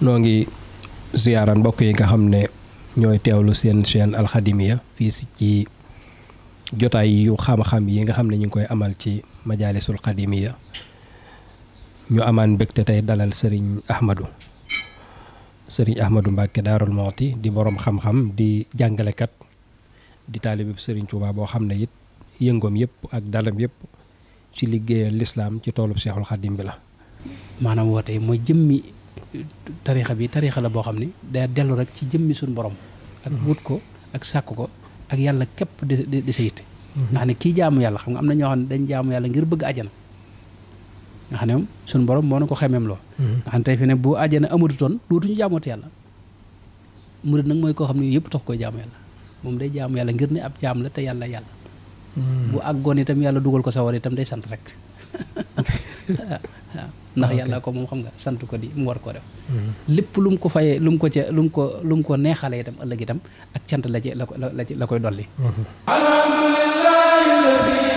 noo ngi ziyaaran mbokk yi nga xam ne ñooy teewlu seen chaîne alxadimiya fii ci jotaay yu xam-xam yi nga xam ne ñu ngi koy amal ci majaalisul xadimiya ñu amaan mbégte tey dalal sëriñ ahmadu sëriñ ahmadu mbàkke daarul mooti di boroom xam-xam di jàngalekat di tali Serigne Touba bo xamne yit yengom yep ak dalam yep ci liggey l'islam ci tolu cheikhul khadim bi la. manam wote mooy jëmmi tariikha bi tariikha la bo xamne ni delu rek ci jëmmi sun borom. ak mm-hmm. wut ko ak sakko ko ak yalla kep di di sa ki mm-hmm. ne kii jaamu yalla xam nga amna ño ñoo xam dañ jaamu yalla ngir bëgg aljana nga ne borom mo na ko lo lool mm-hmm. nga xam fi ne bu amutu ton dootu ñu jaamu yalla murid nak moy ko xamne yep yëpp tax koy jaamu yalla moom day jaamu yàlla ngir ne ab jaam la te yàlla yàlla hmm. bu àggoon itam yàlla dugal ko sawar itam day sant rek ndax ah, yàlla ko moom xam nga sant ko di mu war koo def hmm. lépp lu ko fayee lu ko ca lu ko lu ko neexale itam ëllëg itam ak cant la ci la ko la ci koy dolli hmm. alhamdulillah